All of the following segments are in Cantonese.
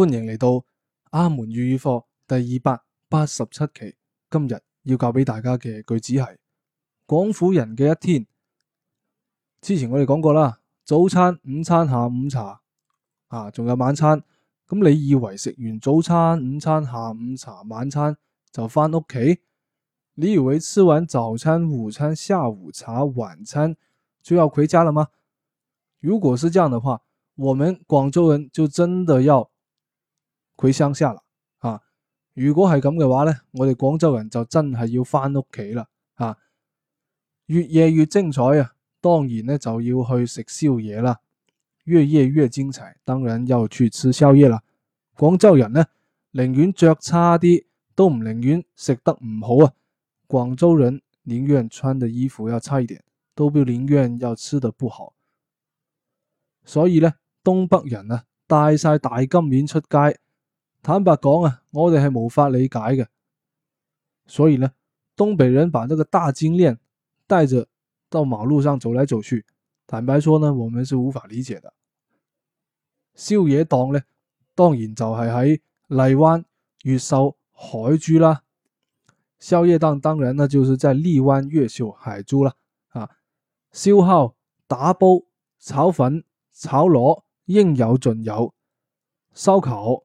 歡迎嚟到阿門粵語課第二百八十七期。今日要教俾大家嘅句子係：廣府人嘅一天。之前我哋講過啦，早餐、午餐、下午茶，啊，仲有晚餐。咁你以為食完早餐、午餐、下午茶、晚餐就返屋企？你以為吃完早餐、午餐、下午茶、晚餐就要回家了嗎？如果是咁樣嘅話，我們廣州人就真的要。佢返鄉下啦嚇！如果係咁嘅話呢，我哋廣州人就真係要返屋企啦嚇！越夜越精彩啊，當然呢就要去食宵夜啦。越夜越精彩，當然要去吃宵夜啦。廣州人呢，寧願着差啲，都唔寧願食得唔好啊！廣州人寧願穿的衣服要差一點，都不寧願要吃得不好。所以呢，東北人咧帶晒大金鏈出街。坦白講啊，我哋係無法理解嘅。所以呢，東北人把那個大金鏈帶着到馬路上走來走去，坦白說呢，我們是無法理解的。宵夜檔呢，當然就係喺荔灣、越秀、海珠啦。宵夜檔當然呢，就是在荔灣、越秀、海珠啦。啊，燒烤、打煲、炒粉、炒螺，應有盡有，燒烤、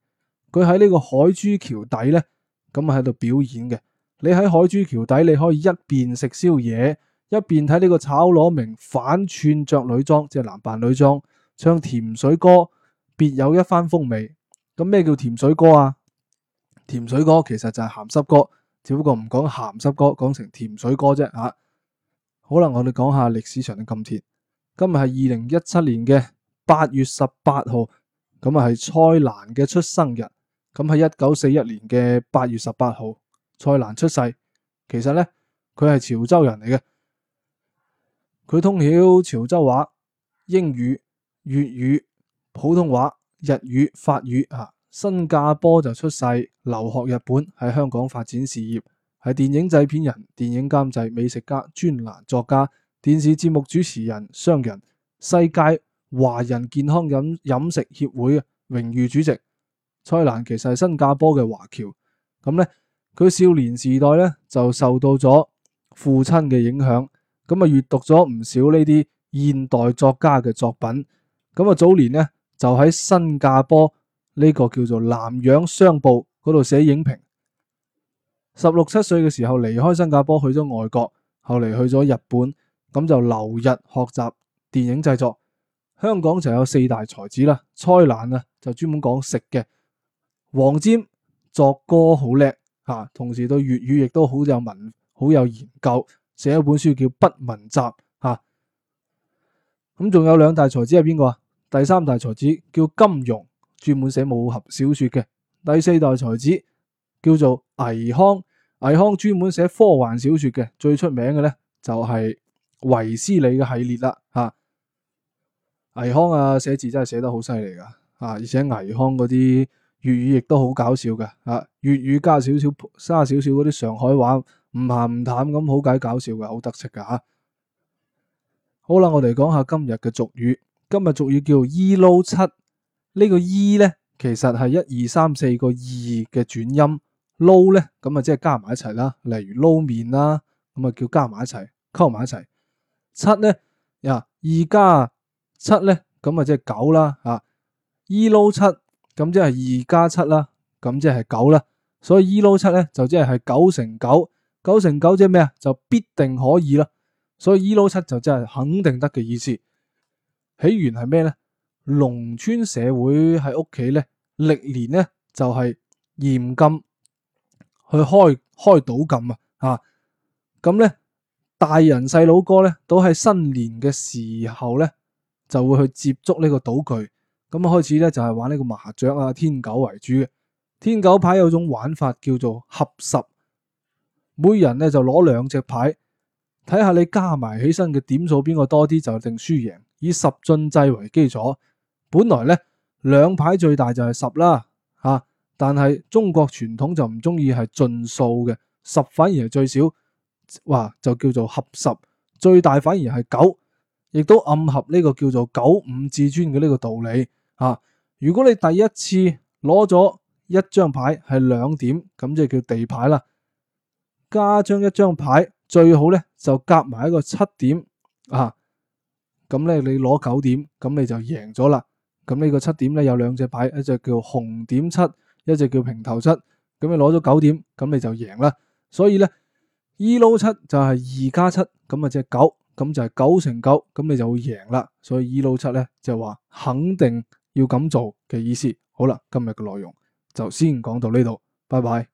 佢喺呢個海珠橋底咧，咁啊喺度表演嘅。你喺海珠橋底，你可以一邊食宵夜，一邊睇呢個炒螺明反串着女裝，即係男扮女裝唱甜水歌，別有一番風味。咁咩叫甜水歌啊？甜水歌其實就係鹹濕歌，只不過唔講鹹濕歌，講成甜水歌啫。吓，好啦，我哋講下歷史上嘅今天。今日係二零一七年嘅八月十八號，咁啊係蔡瀾嘅出生日。咁喺一九四一年嘅八月十八號，蔡瀾出世。其實呢，佢係潮州人嚟嘅。佢通曉潮州話、英語、粵語、普通話、日語、法語啊。新加坡就出世，留學日本，喺香港發展事業，係電影製片人、電影監製、美食家、專欄作家、電視節目主持人、商人，世界華人健康飲飲食協會榮譽主席。蔡瀾其實係新加坡嘅華僑，咁咧佢少年時代咧就受到咗父親嘅影響，咁啊閱讀咗唔少呢啲現代作家嘅作品，咁啊早年呢，就喺新加坡呢個叫做南洋商報嗰度寫影評，十六七歲嘅時候離開新加坡去咗外國，後嚟去咗日本，咁就留日學習電影製作。香港就有四大才子啦，蔡瀾啊就專門講食嘅。黃霑作歌好叻吓，同時對粵語亦都好有文好有研究，寫一本書叫《不文集》吓。咁仲有兩大才子係邊個啊？第三大才子叫金庸，專門寫武俠小說嘅；第四代才子叫做倪匡。倪匡專門寫科幻小說嘅。最出名嘅咧就係衛斯理嘅系列啦吓。倪匡啊，寫字真係寫得好犀利噶啊！而且倪匡嗰啲。粵語亦都好搞笑嘅，啊！粵語加少少沙少少嗰啲上海話，唔鹹唔淡咁，好解搞笑嘅，啊，好得色得戚嘅嚇。好啦，我哋講下今日嘅俗語。今日俗語叫依撈七，呢個依咧其實係一二三四個二嘅轉音，撈咧咁啊，即係加埋一齊啦。例如撈麵啦，咁啊叫加埋一齊，溝埋一齊。七咧呀，二、yeah，加七咧，咁啊即係九啦，嚇。依撈七。咁即係二加七啦，咁即係九啦，所以依撈七咧就即係係九成九，九成九即係咩啊？就必定可以啦，所以依撈七就即係肯定得嘅意思。起源係咩咧？農村社會喺屋企咧，歷年咧就係、是、嚴禁去開開賭禁啊！啊，咁咧大人細佬哥咧都喺新年嘅時候咧就會去接觸呢個賭具。咁啊，開始咧就係玩呢個麻雀啊，天九為主嘅。天九牌有種玩法叫做合十，每人咧就攞兩隻牌，睇下你加埋起身嘅點數邊個多啲就定輸贏。以十進制為基礎，本來咧兩牌最大就係十啦，吓、啊，但係中國傳統就唔中意係進數嘅，十反而係最少，哇，就叫做合十，最大反而係九，亦都暗合呢個叫做九五至尊嘅呢個道理。啊！如果你第一次攞咗一張牌係兩點，咁就叫地牌啦。加張一張牌最好咧，就夾埋一個七點啊。咁咧你攞九點，咁你就贏咗啦。咁呢個七點咧有兩隻牌，一隻叫紅點七，一隻叫平頭七。咁你攞咗九點，咁你就贏啦。所以咧，依撈七就係二加七，咁啊隻九，咁就係九成九，咁你就會贏啦。所以依撈七咧就話肯定。要咁做嘅意思，好啦，今日嘅內容就先講到呢度，拜拜。